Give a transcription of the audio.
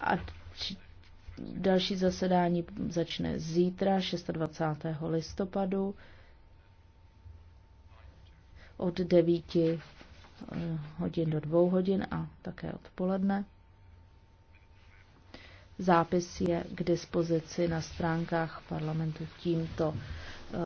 A další zasedání začne zítra, 26. listopadu od 9 eh, hodin do 2 hodin a také odpoledne. Zápis je k dispozici na stránkách parlamentu tímto.